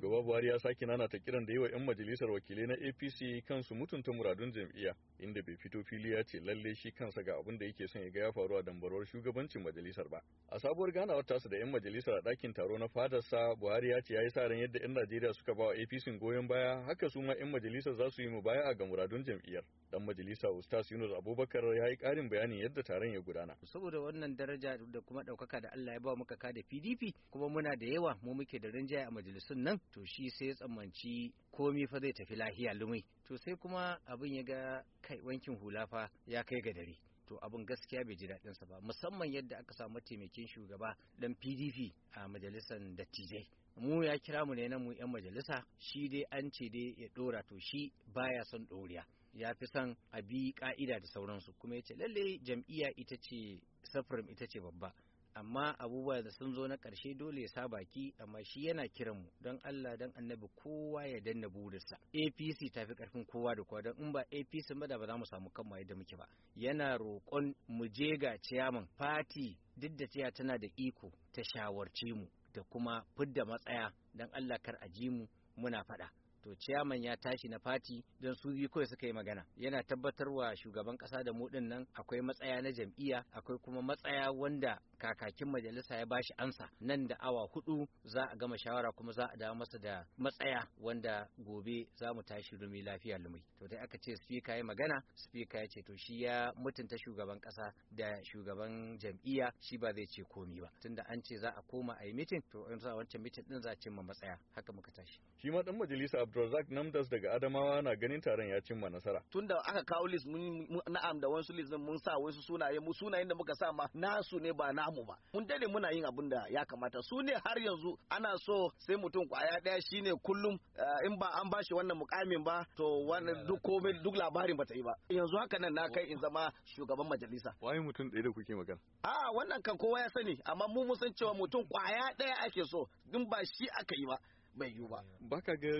Shugaba Buhari ya sake nana ta kiran da yi wa 'yan majalisar wakilai na APC kansu mutunta muradun jam'iyya inda bai fito fili ya ce lalle shi kansa ga abin da yake son ya ga ya faru a dambarwar shugabancin majalisar ba. A sabuwar ganawar tasa da 'yan majalisar a ɗakin taro na fadarsa Buhari ya ce ya yi sa ran yadda 'yan Najeriya suka ba wa APC goyon baya haka su ma 'yan majalisar za su yi mu baya a ga muradun jam'iyyar. Dan majalisa Ustaz Yunus Abubakar ya yi karin bayani yadda taron ya gudana. Saboda wannan daraja da kuma ɗaukaka da Allah ya ba muka ka da PDP kuma muna da yawa mu muke da rinjaye a majalisun nan to shi sai ya tsammanci komi fa zai tafi lahiya lumai to sai kuma abin ya ga kai wankin hula fa ya kai ga dare to abin gaskiya bai ji daɗin sa ba musamman yadda aka samu mataimakin shugaba dan PDP a majalisar dattijai mu ya kira mu ne nan mu yan majalisa shi dai an ce dai ya ɗora to shi baya son ɗoriya. ya fi son a bi ka'ida da sauransu kuma ya ce lalle jam'iyya ita ce safirin ita ce babba amma abubuwa da sun zo na ƙarshe dole ya sa baki amma shi yana kiranmu don Allah don annabi kowa ya danna burinsa APC ta fi ƙarfin kowa da kowa don in ba APC ba da ba za mu samu kanmu yadda muke ba yana roƙon mu je ga ciyaman fati duk da cewa tana da iko ta shawarce mu da kuma fidda matsaya don Allah kar a ji mu muna faɗa to ciyaman ya tashi na fati don su biyu kawai suka yi magana yana tabbatarwa shugaban kasa da mu nan akwai matsaya na jam'iyya akwai kuma matsaya wanda kakakin majalisa ya bashi ansa nan da awa hudu za a gama shawara kuma za a dawo masa da matsaya wanda gobe za mu tashi rumi lafiya lumai to dai aka ce speaker ya magana speaker ya ce to shi ya mutunta shugaban kasa da shugaban jam'iyya shi ba zai ce komi ba tunda an ce za a koma a yi mitin to in za wancan mitin din za a cimma matsaya haka muka tashi shi ma dan majalisa Abdul Abdulrazak Namdas daga Adamawa na ganin taron ya cimma nasara. Tunda aka kawo list mun na'am da wasu list mun sa wasu sunaye mu sunayen da muka sa ma nasu ne ba namu ba. Mun dade muna yin abin da ya kamata su ne har yanzu ana so sai mutum kwaya daya shine kullum eh, in ba an bashi wannan mukamin ba to wannan duk komai duk labarin bata yi ba. Yanzu haka nan na kai in zama shugaban majalisa. Wai mutum ɗaya da kuke magana? A wannan kan kowa ya sani amma mu mun san cewa mutum kwaya daya ake so din ba shi aka yi ba. bai yiwu ba. Baka ga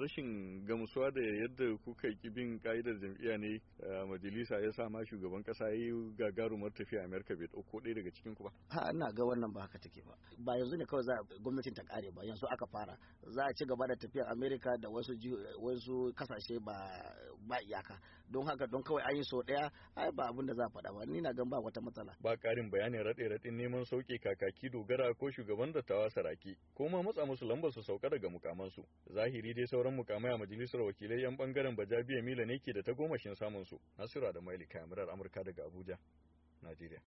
rashin gamsuwa da yadda kuka ki bin ka'idar jam'iyya ne majalisa ya sa ma shugaban kasa ya yi gagarumar tafiya Amerika bai ɗauko ɗaya daga cikin ku ba. Ha ina ga wannan ba haka take ba. Ba yanzu ne kawai za gwamnatin ta ƙare ba yanzu aka fara za a ci gaba da tafiya Amerika da wasu wasu kasashe ba ba iyaka don haka don kawai an yi so ɗaya ai ba abin da za a faɗa ba ni na gan ba wata matsala. Ba ƙarin bayanin raɗe raɗe neman sauke kakaki dogara ko shugaban dattawa saraki ko ma matsa musu lambar su sauka daga mukamansu zahiri dai sauran mukamai a majalisar wakilai yan bangaren bajabiya mila ne ke da ta tagomashin samun su nasira da maili kamarar amurka daga abuja najeriya